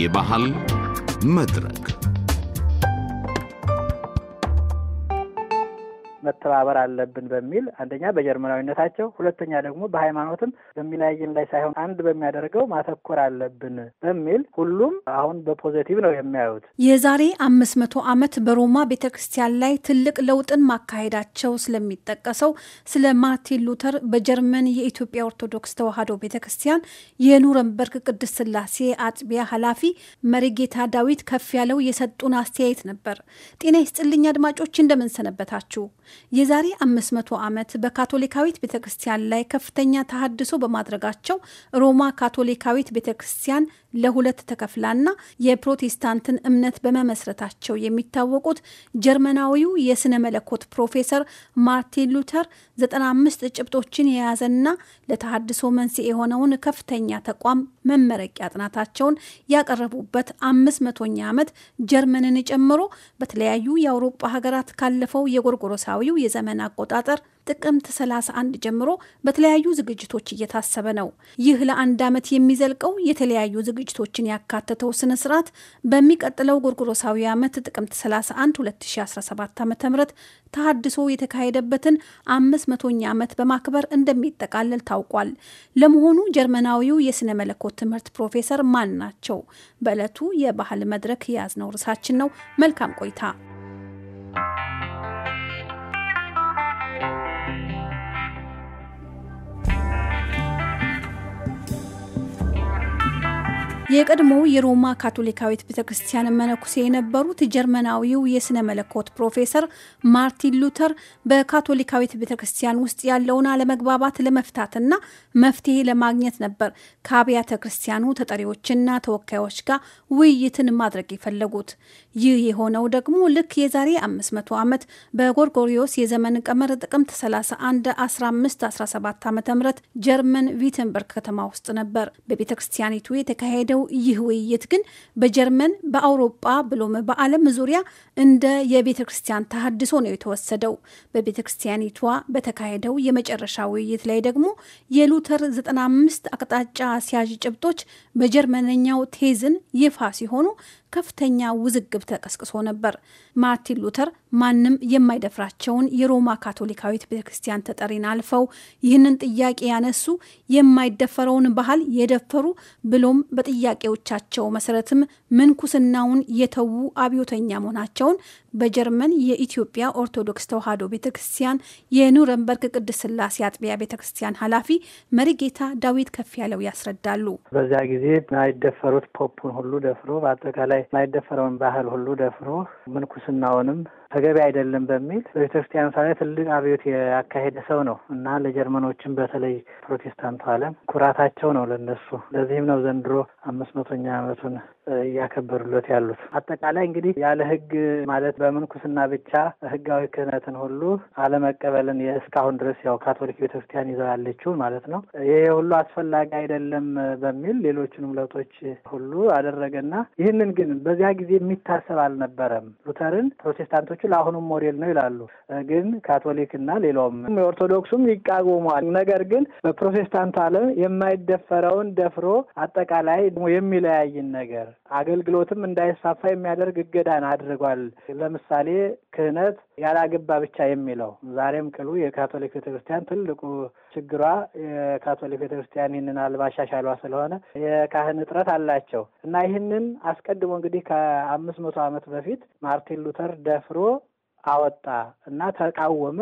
የባህል መድረክ መተባበር አለብን በሚል አንደኛ በጀርመናዊነታቸው፣ ሁለተኛ ደግሞ በሃይማኖትም በሚለያየን ላይ ሳይሆን አንድ በሚያደርገው ማተኮር አለብን በሚል ሁሉም አሁን በፖዘቲቭ ነው የሚያዩት። የዛሬ አምስት መቶ ዓመት በሮማ ቤተ ክርስቲያን ላይ ትልቅ ለውጥን ማካሄዳቸው ስለሚጠቀሰው ስለ ማርቲን ሉተር በጀርመን የኢትዮጵያ ኦርቶዶክስ ተዋህዶ ቤተ ክርስቲያን የኑረንበርግ ቅድስት ስላሴ አጥቢያ ኃላፊ መሪጌታ ዳዊት ከፍ ያለው የሰጡን አስተያየት ነበር። ጤና ይስጥልኝ አድማጮች እንደምንሰነበታችሁ። የዛሬ 500 ዓመት በካቶሊካዊት ቤተ ክርስቲያን ላይ ከፍተኛ ተሃድሶ በማድረጋቸው ሮማ ካቶሊካዊት ቤተ ክርስቲያን ለሁለት ተከፍላና የፕሮቴስታንትን እምነት በመመስረታቸው የሚታወቁት ጀርመናዊው የስነ መለኮት ፕሮፌሰር ማርቲን ሉተር 95 ጭብጦችን የያዘና ለተሃድሶ መንስኤ የሆነውን ከፍተኛ ተቋም መመረቂያ ጥናታቸውን ያቀረቡበት 500ኛ ዓመት ጀርመንን ጨምሮ በተለያዩ የአውሮጳ ሀገራት ካለፈው የጎርጎሮሳዊ በአውሮፓውያው የዘመን አቆጣጠር ጥቅምት 31 ጀምሮ በተለያዩ ዝግጅቶች እየታሰበ ነው። ይህ ለአንድ ዓመት የሚዘልቀው የተለያዩ ዝግጅቶችን ያካተተው ስነ ስርዓት በሚቀጥለው ጎርጎሮሳዊ ዓመት ጥቅምት 31 2017 ዓ ም ተሃድሶ የተካሄደበትን 500ኛ ዓመት በማክበር እንደሚጠቃለል ታውቋል። ለመሆኑ ጀርመናዊው የሥነ መለኮት ትምህርት ፕሮፌሰር ማን ናቸው? በዕለቱ የባህል መድረክ የያዝነው ርዕሳችን ነው። መልካም ቆይታ። የቀድሞው የሮማ ካቶሊካዊት ቤተ ክርስቲያን መነኩሴ የነበሩት ጀርመናዊው የሥነ መለኮት ፕሮፌሰር ማርቲን ሉተር በካቶሊካዊት ቤተ ክርስቲያን ውስጥ ያለውን አለመግባባት ለመፍታትና መፍትሄ ለማግኘት ነበር ከአብያተ ክርስቲያኑ ተጠሪዎችና ተወካዮች ጋር ውይይትን ማድረግ የፈለጉት። ይህ የሆነው ደግሞ ልክ የዛሬ 500 ዓመት በጎርጎሪዮስ የዘመን ቀመር ጥቅምት 31 1517 ዓ ም ጀርመን ቪትንበርግ ከተማ ውስጥ ነበር። በቤተ ክርስቲያኒቱ የተካሄደው ነው። ይህ ውይይት ግን በጀርመን በአውሮጳ ብሎም በዓለም ዙሪያ እንደ የቤተ ክርስቲያን ተሃድሶ ነው የተወሰደው። በቤተ ክርስቲያኒቷ በተካሄደው የመጨረሻ ውይይት ላይ ደግሞ የሉተር 95 አቅጣጫ አስያዥ ጭብጦች በጀርመነኛው ቴዝን ይፋ ሲሆኑ ከፍተኛ ውዝግብ ተቀስቅሶ ነበር። ማርቲን ሉተር ማንም የማይደፍራቸውን የሮማ ካቶሊካዊት ቤተክርስቲያን ተጠሪን አልፈው ይህንን ጥያቄ ያነሱ የማይደፈረውን ባህል የደፈሩ ብሎም በጥያቄዎቻቸው መሰረትም ምንኩስናውን የተዉ አብዮተኛ መሆናቸውን በጀርመን የኢትዮጵያ ኦርቶዶክስ ተዋሕዶ ቤተክርስቲያን የኑረንበርግ ቅድስት ሥላሴ አጥቢያ ቤተክርስቲያን ኃላፊ መሪጌታ ዳዊት ከፍ ያለው ያስረዳሉ። በዚያ ጊዜ የማይደፈሩት ፖፑን ሁሉ ደፍሮ በአጠቃላይ የማይደፈረውን ባህል ሁሉ ደፍሮ ምንኩስናውንም ተገቢ አይደለም በሚል በቤተክርስቲያን ሳ ትልቅ አብዮት ያካሄደ ሰው ነው እና ለጀርመኖችም በተለይ ፕሮቴስታንቱ ዓለም ኩራታቸው ነው ለነሱ። ለዚህም ነው ዘንድሮ አምስት መቶኛ ዓመቱን እያከበሩለት ያሉት። አጠቃላይ እንግዲህ ያለ ህግ ማለት በምንኩስና ብቻ ህጋዊ ክህነትን ሁሉ አለመቀበልን እስካሁን ድረስ ያው ካቶሊክ ቤተክርስቲያን ይዘው ያለችው ማለት ነው። ይህ ሁሉ አስፈላጊ አይደለም በሚል ሌሎችንም ለውጦች ሁሉ አደረገና ይህንን ግን በዚያ ጊዜ የሚታሰብ አልነበረም። ሉተርን ፕሮቴስታንቶች የሚችል አሁንም ሞዴል ነው ይላሉ። ግን ካቶሊክና ሌላውም የኦርቶዶክሱም ይቃወሟል። ነገር ግን በፕሮቴስታንቱ ዓለም የማይደፈረውን ደፍሮ አጠቃላይ የሚለያይን ነገር አገልግሎትም እንዳይሳፋ የሚያደርግ እገዳን አድርጓል። ለምሳሌ ክህነት ያላገባ ብቻ የሚለው ዛሬም ቅሉ የካቶሊክ ቤተክርስቲያን ትልቁ ችግሯ የካቶሊክ ቤተክርስቲያን ይህንን አልማሻሻሏ ስለሆነ የካህን እጥረት አላቸው እና ይህንን አስቀድሞ እንግዲህ ከአምስት መቶ ዓመት በፊት ማርቲን ሉተር ደፍሮ አወጣ እና ተቃወመ።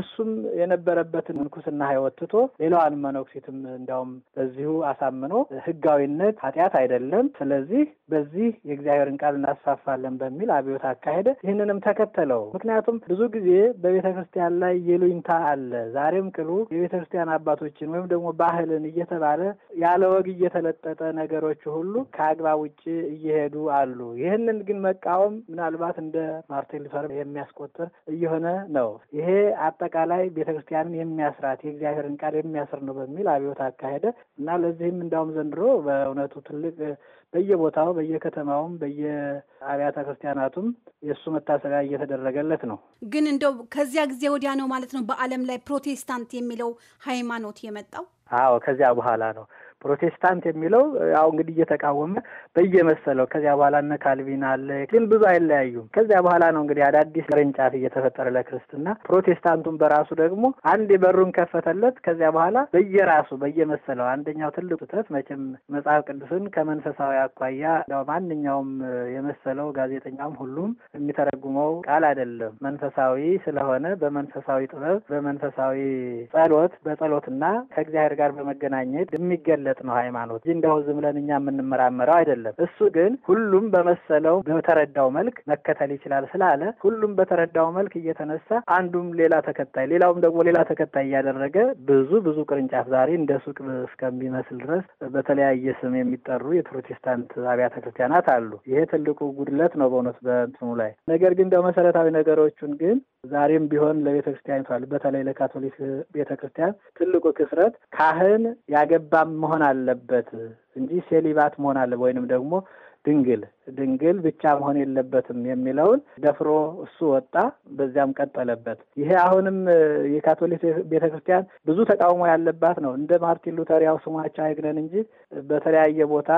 እሱም የነበረበትን ምንኩስና ህይወት ትቶ ሌላዋን መነኩሴትም እንዲያውም በዚሁ አሳምኖ ህጋዊነት ኃጢአት አይደለም፣ ስለዚህ በዚህ የእግዚአብሔርን ቃል እናስፋፋለን በሚል አብዮት አካሄደ። ይህንንም ተከተለው። ምክንያቱም ብዙ ጊዜ በቤተ ክርስቲያን ላይ የሉኝታ አለ። ዛሬም ቅሉ የቤተ ክርስቲያን አባቶችን ወይም ደግሞ ባህልን እየተባለ ያለ ወግ እየተለጠጠ ነገሮች ሁሉ ከአግባብ ውጭ እየሄዱ አሉ። ይህንን ግን መቃወም ምናልባት እንደ ማርቲን ሉተር የሚያስቆጥር እየሆነ ነው። ይሄ በአጠቃላይ ቤተ ክርስቲያንን የሚያስራት የእግዚአብሔርን ቃል የሚያስር ነው በሚል አብዮት አካሄደ እና ለዚህም እንዳውም ዘንድሮ በእውነቱ ትልቅ በየቦታው በየከተማውም በየአብያተ ክርስቲያናቱም የእሱ መታሰቢያ እየተደረገለት ነው። ግን እንደው ከዚያ ጊዜ ወዲያ ነው ማለት ነው በዓለም ላይ ፕሮቴስታንት የሚለው ሃይማኖት የመጣው። አዎ ከዚያ በኋላ ነው። ፕሮቴስታንት የሚለው ያው እንግዲህ እየተቃወመ በየመሰለው ከዚያ በኋላ እነ ካልቪን አለ፣ ግን ብዙ አይለያዩም። ከዚያ በኋላ ነው እንግዲህ አዳዲስ ቅርንጫፍ እየተፈጠረ ለክርስትና ፕሮቴስታንቱን በራሱ ደግሞ አንድ በሩን ከፈተለት። ከዚያ በኋላ በየራሱ በየመሰለው አንደኛው ትልቅ ስህተት መቼም መጽሐፍ ቅዱስን ከመንፈሳዊ አኳያ ማንኛውም የመሰለው ጋዜጠኛውም ሁሉም የሚተረጉመው ቃል አይደለም። መንፈሳዊ ስለሆነ በመንፈሳዊ ጥበብ፣ በመንፈሳዊ ጸሎት፣ በጸሎትና ከእግዚአብሔር ጋር በመገናኘት የሚገለ የሚገለጥ ነው ሃይማኖት እንጂ እንዲያው ዝም ብለን እኛ የምንመራመረው አይደለም። እሱ ግን ሁሉም በመሰለው በተረዳው መልክ መከተል ይችላል ስላለ ሁሉም በተረዳው መልክ እየተነሳ አንዱም ሌላ ተከታይ፣ ሌላውም ደግሞ ሌላ ተከታይ እያደረገ ብዙ ብዙ ቅርንጫፍ ዛሬ እንደ ሱቅ እስከሚመስል ድረስ በተለያየ ስም የሚጠሩ የፕሮቴስታንት አብያተ ክርስቲያናት አሉ። ይሄ ትልቁ ጉድለት ነው በእውነት በእንትኑ ላይ ነገር ግን እንደ መሰረታዊ ነገሮቹን ግን ዛሬም ቢሆን ለቤተ ክርስቲያኒቷ በተለይ ለካቶሊክ ቤተ ክርስቲያን ትልቁ ክፍረት ካህን ያገባም መሆን መሆን አለበት እንጂ ሴሊባት መሆን አለበት ወይንም ደግሞ ድንግል ድንግል ብቻ መሆን የለበትም የሚለውን ደፍሮ እሱ ወጣ፣ በዚያም ቀጠለበት። ይሄ አሁንም የካቶሊክ ቤተ ክርስቲያን ብዙ ተቃውሞ ያለባት ነው። እንደ ማርቲን ሉተር ያው ስሟቸው አይግነን እንጂ በተለያየ ቦታ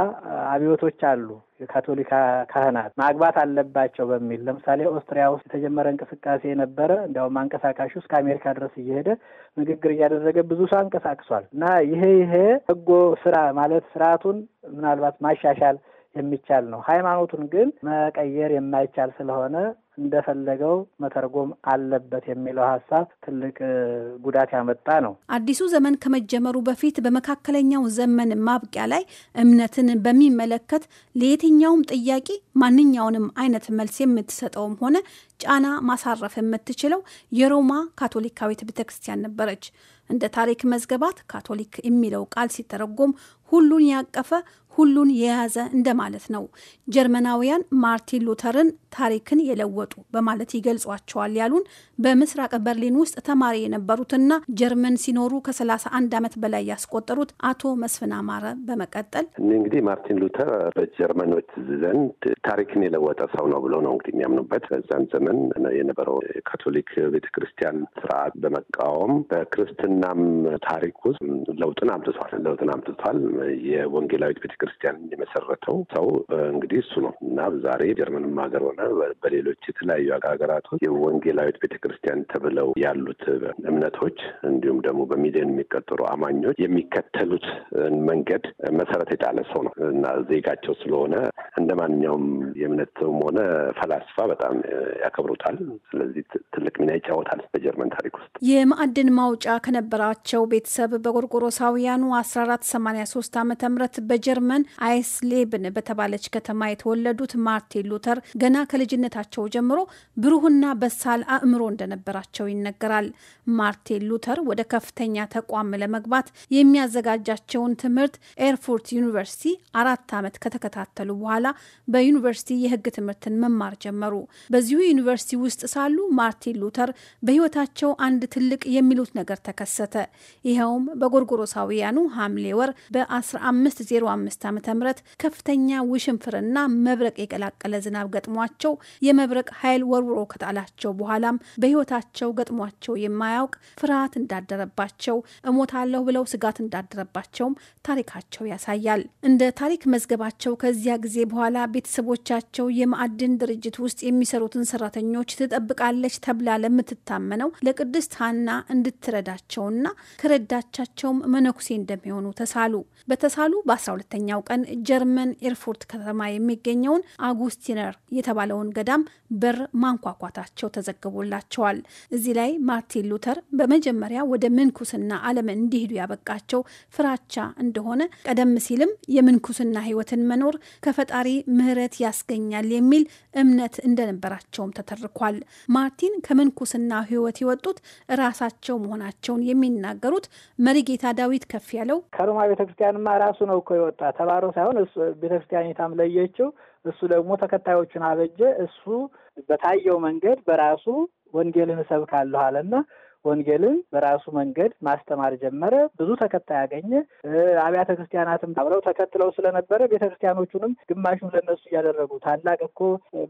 አብዮቶች አሉ። የካቶሊክ ካህናት ማግባት አለባቸው በሚል ለምሳሌ ኦስትሪያ ውስጥ የተጀመረ እንቅስቃሴ የነበረ እንዲያውም አንቀሳቃሹ እስከ አሜሪካ ድረስ እየሄደ ንግግር እያደረገ ብዙ ሰው አንቀሳቅሷል። እና ይሄ ይሄ ህጎ ስራ ማለት ስርዓቱን ምናልባት ማሻሻል የሚቻል ነው። ሃይማኖቱን ግን መቀየር የማይቻል ስለሆነ እንደፈለገው መተርጎም አለበት የሚለው ሀሳብ ትልቅ ጉዳት ያመጣ ነው። አዲሱ ዘመን ከመጀመሩ በፊት በመካከለኛው ዘመን ማብቂያ ላይ እምነትን በሚመለከት ለየትኛውም ጥያቄ ማንኛውንም አይነት መልስ የምትሰጠውም ሆነ ጫና ማሳረፍ የምትችለው የሮማ ካቶሊካዊት ቤተ ክርስቲያን ነበረች። እንደ ታሪክ መዝገባት ካቶሊክ የሚለው ቃል ሲተረጎም ሁሉን ያቀፈ ሁሉን የያዘ እንደማለት ነው። ጀርመናውያን ማርቲን ሉተርን ታሪክን የለወጡ በማለት ይገልጿቸዋል ያሉን በምስራቅ በርሊን ውስጥ ተማሪ የነበሩትና ጀርመን ሲኖሩ ከ31 ዓመት በላይ ያስቆጠሩት አቶ መስፍን አማረ በመቀጠል እኔ እንግዲህ ማርቲን ሉተር በጀርመኖች ዘንድ ታሪክን የለወጠ ሰው ነው ብሎ ነው እንግዲህ የሚያምኑበት። በዛን ዘመን የነበረው ካቶሊክ ቤተክርስቲያን ስርዓት በመቃወም በክርስትናም ታሪክ ውስጥ ለውጥን አምጥቷል። ለውጥን አምጥቷል። የወንጌላዊት ቤተክርስቲያን የመሰረተው ሰው እንግዲህ እሱ ነው እና ዛሬ ጀርመንም ሀገር ሆነ በሌሎች የተለያዩ ሀገራቶች የወንጌላዊት ቤተክርስቲያን ተብለው ያሉት እምነቶች እንዲሁም ደግሞ በሚሊዮን የሚቀጠሩ አማኞች የሚከተሉት መንገድ መሰረት የጣለ ሰው ነው እና ዜጋቸው ስለሆነ እንደ ማንኛውም የእምነት ሆነ ፈላስፋ በጣም ያከብሩታል። ስለዚህ ትልቅ ሚና ይጫወታል በጀርመን ታሪክ ውስጥ። የማዕድን ማውጫ ከነበራቸው ቤተሰብ በጎርጎሮሳውያኑ አስራ አራት ሰማኒያ ሶስት በጀርመን ጀርመን አይስሌብን በተባለች ከተማ የተወለዱት ማርቲን ሉተር ገና ከልጅነታቸው ጀምሮ ብሩህና በሳል አእምሮ እንደነበራቸው ይነገራል። ማርቲን ሉተር ወደ ከፍተኛ ተቋም ለመግባት የሚያዘጋጃቸውን ትምህርት ኤርፉርት ዩኒቨርሲቲ አራት ዓመት ከተከታተሉ በኋላ በዩኒቨርሲቲ የሕግ ትምህርትን መማር ጀመሩ። በዚሁ ዩኒቨርሲቲ ውስጥ ሳሉ ማርቲን ሉተር በሕይወታቸው አንድ ትልቅ የሚሉት ነገር ተከሰተ። ይኸውም በጎርጎሮሳውያኑ ሐምሌ ወር በ1505 2015 ዓ ም ከፍተኛ ውሽንፍርና መብረቅ የቀላቀለ ዝናብ ገጥሟቸው የመብረቅ ኃይል ወርውሮ ከጣላቸው በኋላም በሕይወታቸው ገጥሟቸው የማያውቅ ፍርሃት እንዳደረባቸው እሞታለሁ ብለው ስጋት እንዳደረባቸውም ታሪካቸው ያሳያል። እንደ ታሪክ መዝገባቸው ከዚያ ጊዜ በኋላ ቤተሰቦቻቸው የማዕድን ድርጅት ውስጥ የሚሰሩትን ሰራተኞች ትጠብቃለች ተብላ ለምትታመነው ለቅድስት ሀና እንድትረዳቸውና ከረዳቻቸውም መነኩሴ እንደሚሆኑ ተሳሉ። በተሳሉ በ12ኛ በአራተኛው ቀን ጀርመን ኤርፎርት ከተማ የሚገኘውን አጉስቲነር የተባለውን ገዳም በር ማንኳኳታቸው ተዘግቦላቸዋል። እዚህ ላይ ማርቲን ሉተር በመጀመሪያ ወደ ምንኩስና ዓለም እንዲሄዱ ያበቃቸው ፍራቻ እንደሆነ ቀደም ሲልም የምንኩስና ሕይወትን መኖር ከፈጣሪ ምሕረት ያስገኛል የሚል እምነት እንደነበራቸውም ተተርኳል። ማርቲን ከምንኩስና ሕይወት የወጡት ራሳቸው መሆናቸውን የሚናገሩት መሪጌታ ዳዊት ከፍ ያለው ከሮማ ቤተክርስቲያንማ ራሱ ነው እኮ የወጣ ተባሮ ሳይሆን ቤተክርስቲያኒቷም ለየችው። እሱ ደግሞ ተከታዮቹን አበጀ። እሱ በታየው መንገድ በራሱ ወንጌልን እሰብካለሁ አለና ወንጌልን በራሱ መንገድ ማስተማር ጀመረ። ብዙ ተከታይ ያገኘ አብያተ ክርስቲያናትም አብረው ተከትለው ስለነበረ ቤተክርስቲያኖቹንም ግማሹን ለነሱ እያደረጉ ታላቅ እኮ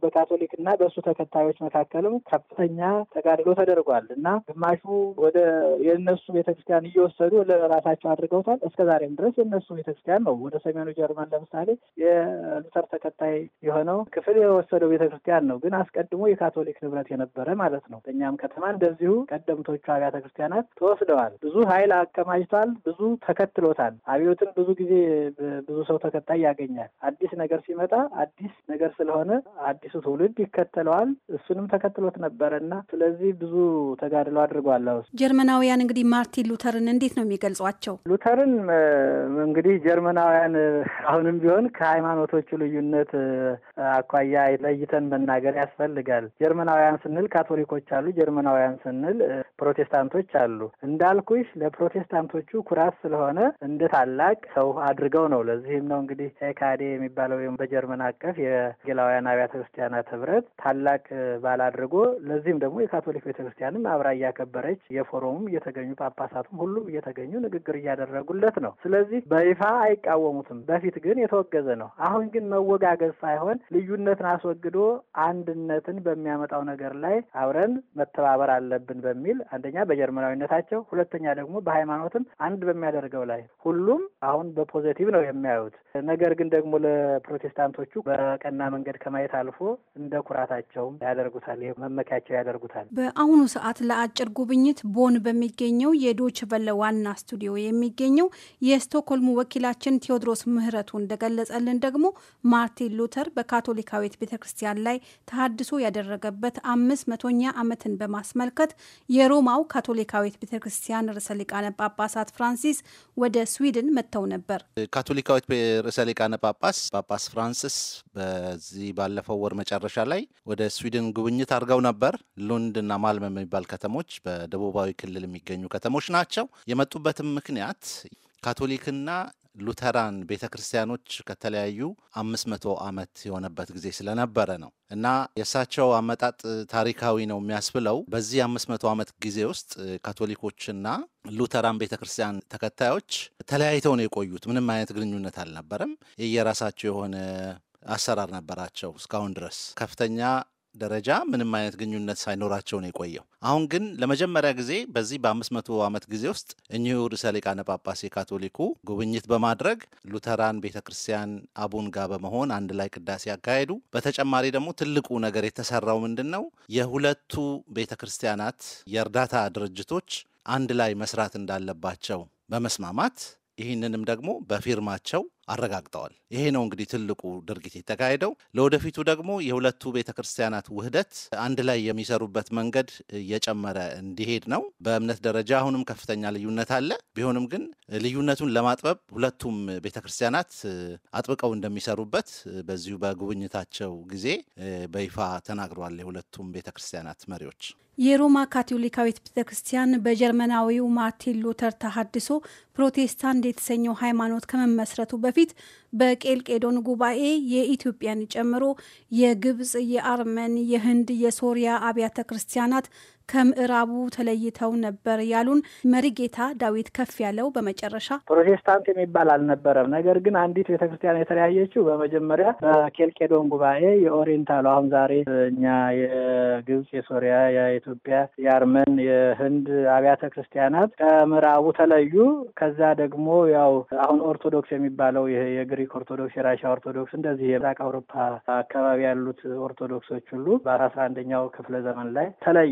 በካቶሊክ እና በእሱ ተከታዮች መካከልም ከፍተኛ ተጋድሎ ተደርጓል እና ግማሹ ወደ የእነሱ ቤተክርስቲያን እየወሰዱ ለራሳቸው አድርገውታል። እስከ ዛሬም ድረስ የእነሱ ቤተክርስቲያን ነው። ወደ ሰሜኑ ጀርመን ለምሳሌ የሉተር ተከታይ የሆነው ክፍል የወሰደው ቤተክርስቲያን ነው። ግን አስቀድሞ የካቶሊክ ንብረት የነበረ ማለት ነው። እኛም ከተማ እንደዚሁ ቀደምቶ ሌሎቹ አብያተ ክርስቲያናት ተወስደዋል። ብዙ ኃይል አከማችቷል። ብዙ ተከትሎታል። አብዮትን ብዙ ጊዜ ብዙ ሰው ተከታይ ያገኛል። አዲስ ነገር ሲመጣ አዲስ ነገር ስለሆነ አዲሱ ትውልድ ይከተለዋል። እሱንም ተከትሎት ነበረ እና ስለዚህ ብዙ ተጋድሎ አድርጓል። ጀርመናውያን እንግዲህ ማርቲን ሉተርን እንዴት ነው የሚገልጿቸው? ሉተርን እንግዲህ ጀርመናውያን አሁንም ቢሆን ከሃይማኖቶቹ ልዩነት አኳያ ለይተን መናገር ያስፈልጋል። ጀርመናውያን ስንል ካቶሊኮች አሉ። ጀርመናውያን ስንል ፕሮቴስታንቶች አሉ። እንዳልኩሽ ለፕሮቴስታንቶቹ ኩራት ስለሆነ እንደ ታላቅ ሰው አድርገው ነው። ለዚህም ነው እንግዲህ ኤካዴ የሚባለው በጀርመን አቀፍ የወንጌላውያን አብያተ ክርስቲያናት ህብረት ታላቅ ባል አድርጎ ለዚህም ደግሞ የካቶሊክ ቤተክርስቲያንም አብራ እያከበረች የፎረሙም እየተገኙ ጳጳሳቱም ሁሉም እየተገኙ ንግግር እያደረጉለት ነው። ስለዚህ በይፋ አይቃወሙትም። በፊት ግን የተወገዘ ነው። አሁን ግን መወጋገዝ ሳይሆን ልዩነትን አስወግዶ አንድነትን በሚያመጣው ነገር ላይ አብረን መተባበር አለብን በሚል አንደኛ በጀርመናዊነታቸው፣ ሁለተኛ ደግሞ በሃይማኖትም አንድ በሚያደርገው ላይ ሁሉም አሁን በፖዘቲቭ ነው የሚያዩት። ነገር ግን ደግሞ ለፕሮቴስታንቶቹ በቀና መንገድ ከማየት አልፎ እንደ ኩራታቸውም ያደርጉታል፣ መመኪያቸው ያደርጉታል። በአሁኑ ሰዓት ለአጭር ጉብኝት ቦን በሚገኘው የዶች ቨለ ዋና ስቱዲዮ የሚገኘው የስቶክሆልሙ ወኪላችን ቴዎድሮስ ምህረቱ እንደገለጸልን ደግሞ ማርቲን ሉተር በካቶሊካዊት ቤተ ክርስቲያን ላይ ተሀድሶ ያደረገበት አምስት መቶኛ ዓመትን በማስመልከት የሮማው ካቶሊካዊት ቤተ ክርስቲያን ርዕሰ ሊቃነ ጳጳሳት ፍራንሲስ ወደ ስዊድን መጥተው ነበር። ካቶሊካዊት ርዕሰ ሊቃነ ጳጳስ ጳጳስ ፍራንሲስ በዚህ ባለፈው ወር መጨረሻ ላይ ወደ ስዊድን ጉብኝት አድርገው ነበር። ሉንድ እና ማልም የሚባል ከተሞች በደቡባዊ ክልል የሚገኙ ከተሞች ናቸው። የመጡበትም ምክንያት ካቶሊክና ሉተራን ቤተ ክርስቲያኖች ከተለያዩ መቶ ዓመት የሆነበት ጊዜ ስለነበረ ነው እና የእሳቸው አመጣጥ ታሪካዊ ነው የሚያስብለው በዚህ መቶ ዓመት ጊዜ ውስጥ ካቶሊኮችና ሉተራን ቤተ ክርስቲያን ተከታዮች ተለያይተው ነው የቆዩት። ምንም አይነት ግንኙነት አልነበረም። የየራሳቸው የሆነ አሰራር ነበራቸው እስካሁን ድረስ ከፍተኛ ደረጃ ምንም አይነት ግንኙነት ሳይኖራቸው ነው የቆየው። አሁን ግን ለመጀመሪያ ጊዜ በዚህ በአምስት መቶ ዓመት ጊዜ ውስጥ እኚሁ ርዕሰ ሊቃነ ጳጳስ የካቶሊኩ ጉብኝት በማድረግ ሉተራን ቤተ ክርስቲያን አቡን ጋር በመሆን አንድ ላይ ቅዳሴ ያካሄዱ። በተጨማሪ ደግሞ ትልቁ ነገር የተሰራው ምንድን ነው? የሁለቱ ቤተ ክርስቲያናት የእርዳታ ድርጅቶች አንድ ላይ መስራት እንዳለባቸው በመስማማት ይህንንም ደግሞ በፊርማቸው አረጋግጠዋል። ይሄ ነው እንግዲህ ትልቁ ድርጊት የተካሄደው። ለወደፊቱ ደግሞ የሁለቱ ቤተ ክርስቲያናት ውህደት አንድ ላይ የሚሰሩበት መንገድ እየጨመረ እንዲሄድ ነው። በእምነት ደረጃ አሁንም ከፍተኛ ልዩነት አለ። ቢሆንም ግን ልዩነቱን ለማጥበብ ሁለቱም ቤተ ክርስቲያናት አጥብቀው እንደሚሰሩበት በዚሁ በጉብኝታቸው ጊዜ በይፋ ተናግረዋል። የሁለቱም ቤተ ክርስቲያናት መሪዎች የሮማ ካቶሊካዊት ቤተ ክርስቲያን በጀርመናዊው ማርቲን ሉተር ተሃድሶ ፕሮቴስታንት የተሰኘው ሃይማኖት ከመመስረቱ በፊት በቄልቄዶን ጉባኤ የኢትዮጵያን ጨምሮ የግብፅ፣ የአርመን፣ የህንድ፣ የሶሪያ አብያተ ክርስቲያናት ከምዕራቡ ተለይተው ነበር ያሉን መሪጌታ ዳዊት ከፍ ያለው በመጨረሻ ፕሮቴስታንት የሚባል አልነበረም። ነገር ግን አንዲት ቤተክርስቲያን የተለያየችው በመጀመሪያ በኬልቄዶን ጉባኤ የኦሪንታሉ አሁን ዛሬ እኛ የግብፅ፣ የሶሪያ፣ የኢትዮጵያ፣ የአርመን፣ የህንድ አብያተ ክርስቲያናት ከምዕራቡ ተለዩ። ከዛ ደግሞ ያው አሁን ኦርቶዶክስ የሚባለው የግሪክ ኦርቶዶክስ፣ የራሻ ኦርቶዶክስ እንደዚህ የምስራቅ አውሮፓ አካባቢ ያሉት ኦርቶዶክሶች ሁሉ በአስራ አንደኛው ክፍለ ዘመን ላይ ተለዩ።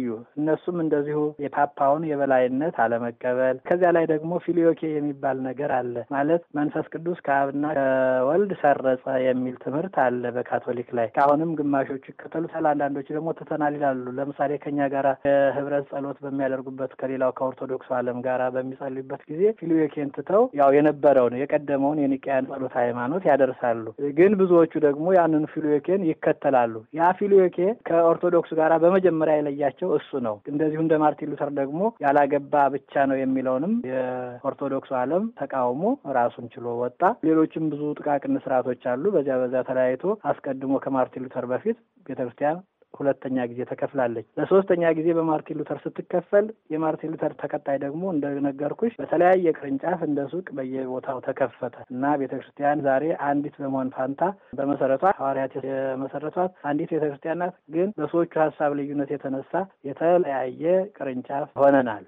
እነሱም እንደዚሁ የፓፓውን የበላይነት አለመቀበል። ከዚያ ላይ ደግሞ ፊሊዮኬ የሚባል ነገር አለ። ማለት መንፈስ ቅዱስ ከአብና ከወልድ ሰረጸ የሚል ትምህርት አለ በካቶሊክ ላይ። አሁንም ግማሾቹ ይከተሉታል፣ አንዳንዶቹ ደግሞ ትተናል ይላሉ። ለምሳሌ ከኛ ጋራ የህብረት ጸሎት በሚያደርጉበት ከሌላው ከኦርቶዶክሱ ዓለም ጋራ በሚጸልዩበት ጊዜ ፊሊዮኬን ትተው ያው የነበረውን የቀደመውን የኒቅያን ጸሎት ሃይማኖት ያደርሳሉ። ግን ብዙዎቹ ደግሞ ያንን ፊሊዮኬን ይከተላሉ። ያ ፊሊዮኬ ከኦርቶዶክሱ ጋራ በመጀመሪያ የለያቸው እሱ ነው። እንደዚሁ እንደ ማርቲን ሉተር ደግሞ ያላገባ ብቻ ነው የሚለውንም የኦርቶዶክሱ ዓለም ተቃውሞ ራሱን ችሎ ወጣ። ሌሎችም ብዙ ጥቃቅን ስርዓቶች አሉ። በዚያ በዚያ ተለያይቶ አስቀድሞ ከማርቲን ሉተር በፊት ቤተክርስቲያን ሁለተኛ ጊዜ ተከፍላለች። ለሶስተኛ ጊዜ በማርቲን ሉተር ስትከፈል የማርቲን ሉተር ተከታይ ደግሞ እንደነገርኩሽ በተለያየ ቅርንጫፍ እንደ ሱቅ በየቦታው ተከፈተ እና ቤተክርስቲያን ዛሬ አንዲት በመሆን ፋንታ በመሰረቷ ሐዋርያት የመሰረቷት አንዲት ቤተክርስቲያን ናት። ግን በሰዎቹ ሀሳብ ልዩነት የተነሳ የተለያየ ቅርንጫፍ ሆነናል።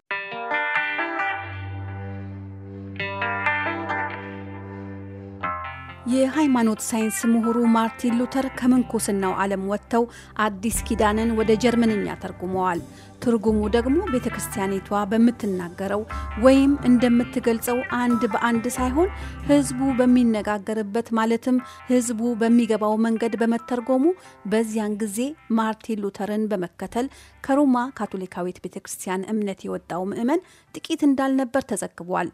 የሃይማኖት ሳይንስ ምሁሩ ማርቲን ሉተር ከምንኩስናው ዓለም ወጥተው አዲስ ኪዳንን ወደ ጀርመንኛ ተርጉመዋል። ትርጉሙ ደግሞ ቤተ ክርስቲያኒቷ በምትናገረው ወይም እንደምትገልጸው አንድ በአንድ ሳይሆን ሕዝቡ በሚነጋገርበት ማለትም ሕዝቡ በሚገባው መንገድ በመተርጎሙ በዚያን ጊዜ ማርቲን ሉተርን በመከተል ከሮማ ካቶሊካዊት ቤተ ክርስቲያን እምነት የወጣው ምዕመን ጥቂት እንዳልነበር ተዘግቧል።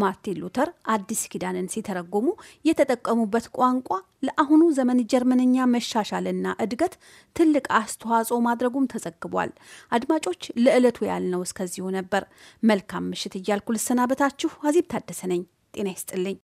ማርቲን ሉተር አዲስ ኪዳንን ሲተረጎሙ የተጠቀሙበት ቋንቋ ለአሁኑ ዘመን ጀርመንኛ መሻሻልና እድገት ትልቅ አስተዋጽኦ ማድረጉም ተዘግቧል። አድማጮ አድማጮች፣ ለዕለቱ ያልነው እስከዚሁ ነበር። መልካም ምሽት እያልኩ ልሰናበታችሁ። አዜብ ታደሰ ነኝ። ጤና ይስጥልኝ።